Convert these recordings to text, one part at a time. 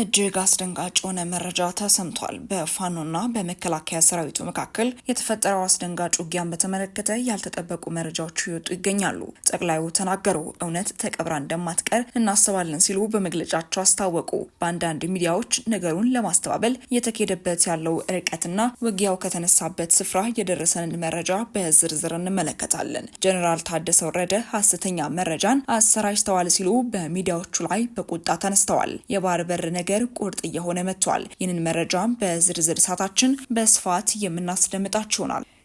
እጅግ አስደንጋጭ የሆነ መረጃ ተሰምቷል። በፋኖና በመከላከያ ሰራዊቱ መካከል የተፈጠረው አስደንጋጭ ውጊያን በተመለከተ ያልተጠበቁ መረጃዎች ይወጡ ይገኛሉ። ጠቅላዩ ተናገሩ። እውነት ተቀብራ እንደማትቀር እናስባለን ሲሉ በመግለጫቸው አስታወቁ። በአንዳንድ ሚዲያዎች ነገሩን ለማስተባበል እየተካሄደበት ያለው ርቀትና ውጊያው ከተነሳበት ስፍራ የደረሰንን መረጃ በዝርዝር እንመለከታለን። ጀኔራል ታደሰ ወረደ ሀሰተኛ መረጃን አሰራጭተዋል ሲሉ በሚዲያዎቹ ላይ በቁጣ ተነስተዋል። የባህር በር ነገ ነገር ቁርጥ እየሆነ መጥቷል። ይህንን መረጃም በዝርዝር ሰዓታችን በስፋት የምናስደምጣችሁ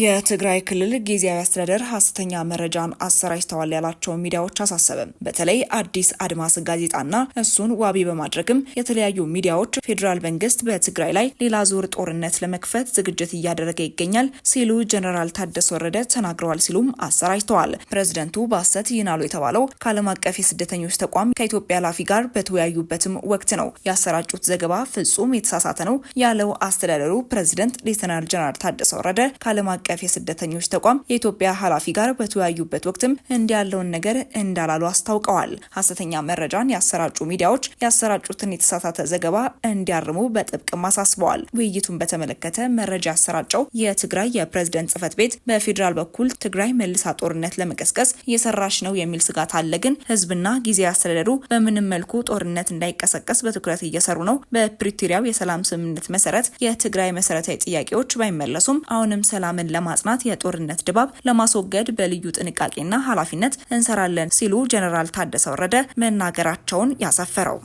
የትግራይ ክልል ጊዜያዊ አስተዳደር ሀሰተኛ መረጃን አሰራጭተዋል ያላቸው ሚዲያዎች አሳሰበ። በተለይ አዲስ አድማስ ጋዜጣና እሱን ዋቢ በማድረግም የተለያዩ ሚዲያዎች ፌዴራል መንግስት በትግራይ ላይ ሌላ ዙር ጦርነት ለመክፈት ዝግጅት እያደረገ ይገኛል ሲሉ ጀኔራል ታደሰ ወረደ ተናግረዋል ሲሉም አሰራጭተዋል። ፕሬዝደንቱ በሀሰት ይናሉ የተባለው ከዓለም አቀፍ የስደተኞች ተቋም ከኢትዮጵያ ኃላፊ ጋር በተወያዩበትም ወቅት ነው። ያሰራጩት ዘገባ ፍጹም የተሳሳተ ነው ያለው አስተዳደሩ ፕሬዚደንት ሌተናል ጀነራል ታደሰ ወረደ አቀፍ የስደተኞች ተቋም የኢትዮጵያ ኃላፊ ጋር በተወያዩበት ወቅትም እንዲያለውን ያለውን ነገር እንዳላሉ አስታውቀዋል። ሐሰተኛ መረጃን ያሰራጩ ሚዲያዎች ያሰራጩትን የተሳሳተ ዘገባ እንዲያርሙ በጥብቅም አሳስበዋል። ውይይቱን በተመለከተ መረጃ ያሰራጨው የትግራይ የፕሬዝደንት ጽህፈት ቤት በፌዴራል በኩል ትግራይ መልሳ ጦርነት ለመቀስቀስ እየሰራች ነው የሚል ስጋት አለ፣ ግን ህዝብና ጊዜ አስተዳደሩ በምንም መልኩ ጦርነት እንዳይቀሰቀስ በትኩረት እየሰሩ ነው። በፕሪቶሪያው የሰላም ስምምነት መሰረት የትግራይ መሰረታዊ ጥያቄዎች ባይመለሱም አሁንም ሰላምን ሰላምን ለማጽናት የጦርነት ድባብ ለማስወገድ በልዩ ጥንቃቄና ኃላፊነት እንሰራለን ሲሉ ጀኔራል ታደሰ ወረደ መናገራቸውን ያሰፈረው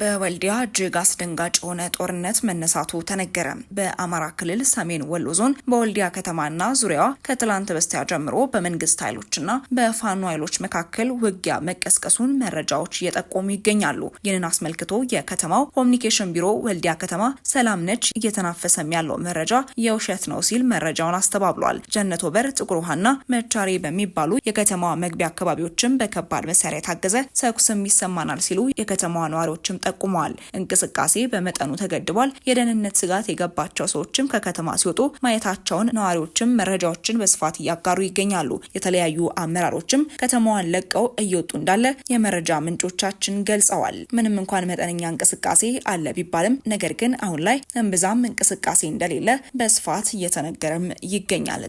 በወልዲያ እጅግ አስደንጋጭ የሆነ ጦርነት መነሳቱ ተነገረ። በአማራ ክልል ሰሜን ወሎ ዞን በወልዲያ ከተማና ዙሪያዋ ከትላንት በስቲያ ጀምሮ በመንግስት ኃይሎችና በፋኖ ኃይሎች መካከል ውጊያ መቀስቀሱን መረጃዎች እየጠቆሙ ይገኛሉ። ይህንን አስመልክቶ የከተማው ኮሚኒኬሽን ቢሮ ወልዲያ ከተማ ሰላም ነች፣ እየተናፈሰም ያለው መረጃ የውሸት ነው ሲል መረጃውን አስተባብሏል። ጀነት ወበር፣ ጥቁር ውሃና መቻሬ በሚባሉ የከተማዋ መግቢያ አካባቢዎችን በከባድ መሳሪያ የታገዘ ተኩስም ይሰማናል ሲሉ የከተማዋ ነዋሪዎችም ጠቁመዋል። እንቅስቃሴ በመጠኑ ተገድቧል። የደህንነት ስጋት የገባቸው ሰዎችም ከከተማ ሲወጡ ማየታቸውን ነዋሪዎችም መረጃዎችን በስፋት እያጋሩ ይገኛሉ። የተለያዩ አመራሮችም ከተማዋን ለቀው እየወጡ እንዳለ የመረጃ ምንጮቻችን ገልጸዋል። ምንም እንኳን መጠነኛ እንቅስቃሴ አለ ቢባልም ነገር ግን አሁን ላይ እምብዛም እንቅስቃሴ እንደሌለ በስፋት እየተነገረም ይገኛል።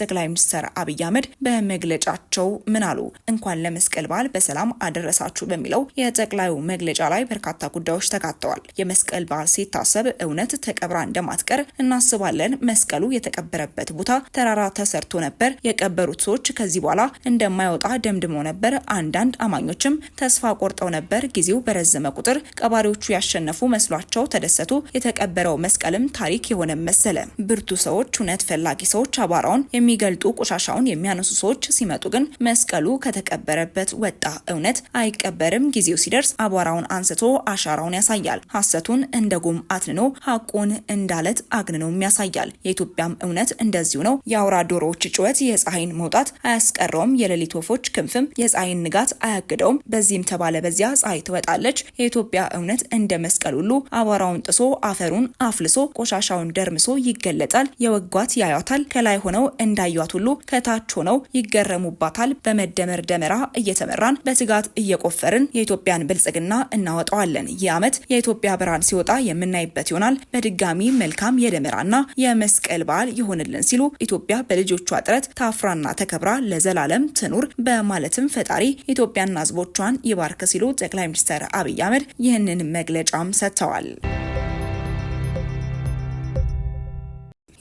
ጠቅላይ ሚኒስትር አብይ አህመድ በመግለጫቸው ምን አሉ? እንኳን ለመስቀል በዓል በሰላም አደረሳችሁ በሚለው የጠቅላዩ መግለጫ ላይ በርካታ ጉዳዮች ተካተዋል። የመስቀል በዓል ሲታሰብ እውነት ተቀብራ እንደማትቀር እናስባለን። መስቀሉ የተቀበረበት ቦታ ተራራ ተሰርቶ ነበር። የቀበሩት ሰዎች ከዚህ በኋላ እንደማይወጣ ደምድመው ነበር። አንዳንድ አማኞችም ተስፋ ቆርጠው ነበር። ጊዜው በረዘመ ቁጥር ቀባሪዎቹ ያሸነፉ መስሏቸው ተደሰቱ። የተቀበረው መስቀልም ታሪክ የሆነ መሰለ። ብርቱ ሰዎች፣ እውነት ፈላጊ ሰዎች አቧራውን የሚ የሚገልጡ ቆሻሻውን የሚያነሱ ሰዎች ሲመጡ ግን መስቀሉ ከተቀበረበት ወጣ፣ እውነት አይቀበርም፣ ጊዜው ሲደርስ አቧራውን አንስቶ አሻራውን ያሳያል፣ ሐሰቱን እንደ ጉም አትንኖ ሐቁን እንዳለት አግንኖም ያሳያል። የኢትዮጵያም እውነት እንደዚሁ ነው። የአውራ ዶሮዎች ጩኸት የፀሐይን መውጣት አያስቀረውም፣ የሌሊት ወፎች ክንፍም የፀሐይን ንጋት አያግደውም። በዚህም ተባለ በዚያ ፀሐይ ትወጣለች። የኢትዮጵያ እውነት እንደ መስቀል ሁሉ አቧራውን ጥሶ አፈሩን አፍልሶ ቆሻሻውን ደርምሶ ይገለጣል። የወጓት ያያታል ከላይ ሆነው እንዳ እንዳዩት ሁሉ ከታች ሆነው ይገረሙባታል። በመደመር ደመራ እየተመራን በትጋት እየቆፈርን የኢትዮጵያን ብልጽግና እናወጣዋለን። ይህ ዓመት የኢትዮጵያ ብርሃን ሲወጣ የምናይበት ይሆናል። በድጋሚ መልካም የደመራና የመስቀል በዓል ይሆንልን ሲሉ ኢትዮጵያ በልጆቿ ጥረት ታፍራና ተከብራ ለዘላለም ትኑር በማለትም ፈጣሪ ኢትዮጵያና ሕዝቦቿን ይባርክ ሲሉ ጠቅላይ ሚኒስትር አብይ አህመድ ይህንን መግለጫም ሰጥተዋል።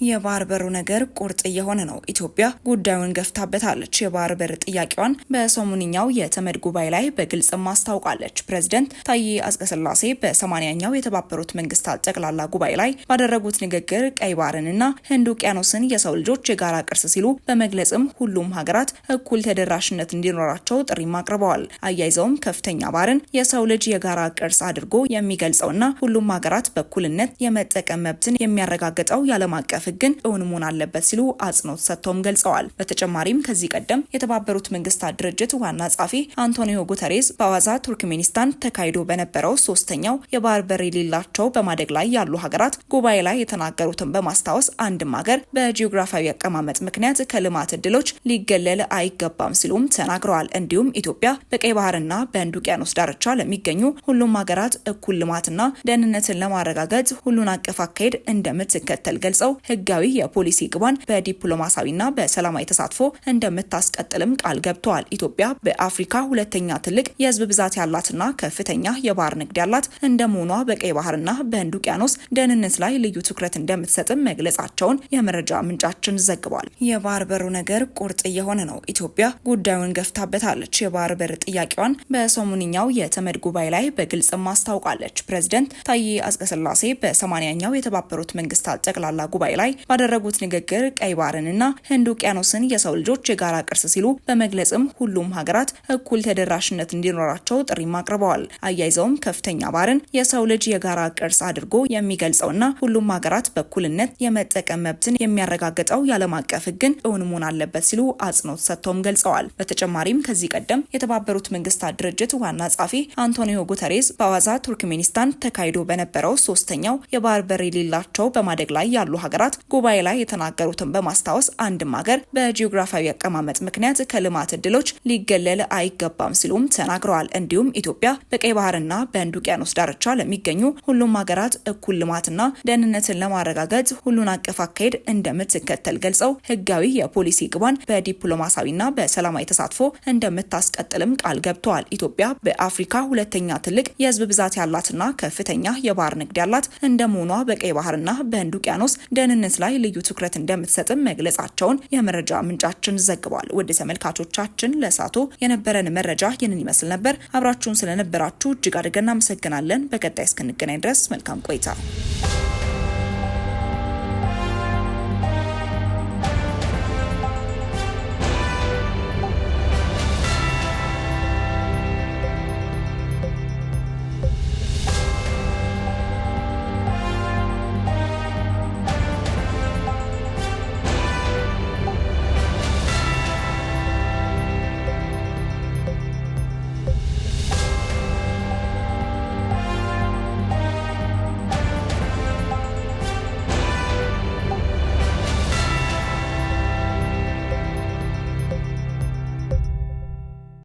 የባህር በሩ ነገር ቁርጥ እየሆነ ነው። ኢትዮጵያ ጉዳዩን ገፍታበታለች። የባህር በር ጥያቄዋን በሰሙንኛው የተመድ ጉባኤ ላይ በግልጽም አስታውቃለች። ፕሬዚደንት ታዬ አጽቀሥላሴ በሰማንያኛው የተባበሩት መንግስታት ጠቅላላ ጉባኤ ላይ ባደረጉት ንግግር ቀይ ባህርንና ህንድ ውቅያኖስን የሰው ልጆች የጋራ ቅርስ ሲሉ በመግለጽም ሁሉም ሀገራት እኩል ተደራሽነት እንዲኖራቸው ጥሪም አቅርበዋል። አያይዘውም ከፍተኛ ባህርን የሰው ልጅ የጋራ ቅርስ አድርጎ የሚገልጸውና ሁሉም ሀገራት በእኩልነት የመጠቀም መብትን የሚያረጋግጠው የዓለም አቀፍ ግን እውን መሆን አለበት ሲሉ አጽንኦት ሰጥተውም ገልጸዋል። በተጨማሪም ከዚህ ቀደም የተባበሩት መንግስታት ድርጅት ዋና ጸሐፊ አንቶኒዮ ጉተሬዝ በአዋዛ ቱርክሜኒስታን ተካሂዶ በነበረው ሶስተኛው የባህር በር የሌላቸው በማደግ ላይ ያሉ ሀገራት ጉባኤ ላይ የተናገሩትን በማስታወስ አንድም ሀገር በጂኦግራፊያዊ አቀማመጥ ምክንያት ከልማት እድሎች ሊገለል አይገባም ሲሉም ተናግረዋል። እንዲሁም ኢትዮጵያ በቀይ ባህርና በህንድ ውቅያኖስ ዳርቻ ለሚገኙ ሁሉም ሀገራት እኩል ልማትና ደህንነትን ለማረጋገጥ ሁሉን አቀፍ አካሄድ እንደምትከተል ገልጸው ህጋዊ የፖሊሲ ግቧን በዲፕሎማሲያዊና በሰላማዊ ተሳትፎ እንደምታስቀጥልም ቃል ገብተዋል። ኢትዮጵያ በአፍሪካ ሁለተኛ ትልቅ የህዝብ ብዛት ያላትና ከፍተኛ የባህር ንግድ ያላት እንደመሆኗ በቀይ ባህርና በህንድ ውቅያኖስ ደህንነት ላይ ልዩ ትኩረት እንደምትሰጥም መግለጻቸውን የመረጃ ምንጫችን ዘግቧል። የባህር በሩ ነገር ቁርጥ እየሆነ ነው። ኢትዮጵያ ጉዳዩን ገፍታበታለች። የባህር በር ጥያቄዋን በሰሞንኛው የተመድ ጉባኤ ላይ በግልጽም ማስታውቃለች። ፕሬዚደንት ታዬ 8 በሰማንያኛው የተባበሩት መንግስታት ጠቅላላ ጉባኤ ላይ ላይ ባደረጉት ንግግር ቀይ ባህርንና ህንድ ውቅያኖስን የሰው ልጆች የጋራ ቅርስ ሲሉ በመግለጽም ሁሉም ሀገራት እኩል ተደራሽነት እንዲኖራቸው ጥሪም አቅርበዋል። አያይዘውም ከፍተኛ ባህርን የሰው ልጅ የጋራ ቅርስ አድርጎ የሚገልጸውና ሁሉም ሀገራት በእኩልነት የመጠቀም መብትን የሚያረጋግጠው የዓለም አቀፍ ህግን እውን መሆን አለበት ሲሉ አጽንኦት ሰጥተውም ገልጸዋል። በተጨማሪም ከዚህ ቀደም የተባበሩት መንግስታት ድርጅት ዋና ጸሐፊ አንቶኒዮ ጉተሬዝ በአዋዛ ቱርክሜኒስታን ተካሂዶ በነበረው ሶስተኛው የባህር በር የሌላቸው በማደግ ላይ ያሉ ሀገራት ጉባኤ ላይ የተናገሩትን በማስታወስ አንድም ሀገር በጂኦግራፊያዊ አቀማመጥ ምክንያት ከልማት እድሎች ሊገለል አይገባም ሲሉም ተናግረዋል። እንዲሁም ኢትዮጵያ በቀይ ባህርና በህንድ ውቅያኖስ ዳርቻ ለሚገኙ ሁሉም ሀገራት እኩል ልማትና ደህንነትን ለማረጋገጥ ሁሉን አቀፍ አካሄድ እንደምትከተል ገልጸው ህጋዊ የፖሊሲ ግባን በዲፕሎማሲያዊና በሰላማዊ ተሳትፎ እንደምታስቀጥልም ቃል ገብተዋል። ኢትዮጵያ በአፍሪካ ሁለተኛ ትልቅ የህዝብ ብዛት ያላትና ከፍተኛ የባህር ንግድ ያላት እንደመሆኗ በቀይ ባህርና በህንድ ውቅያኖስ ደህንነት ቢዝነስ ላይ ልዩ ትኩረት እንደምትሰጥም መግለጻቸውን የመረጃ ምንጫችን ዘግቧል። ውድ ተመልካቾቻችን ለእሳቱ የነበረን መረጃ ይህንን ይመስል ነበር። አብራችሁን ስለነበራችሁ እጅግ አድርገን እናመሰግናለን። በቀጣይ እስክንገናኝ ድረስ መልካም ቆይታ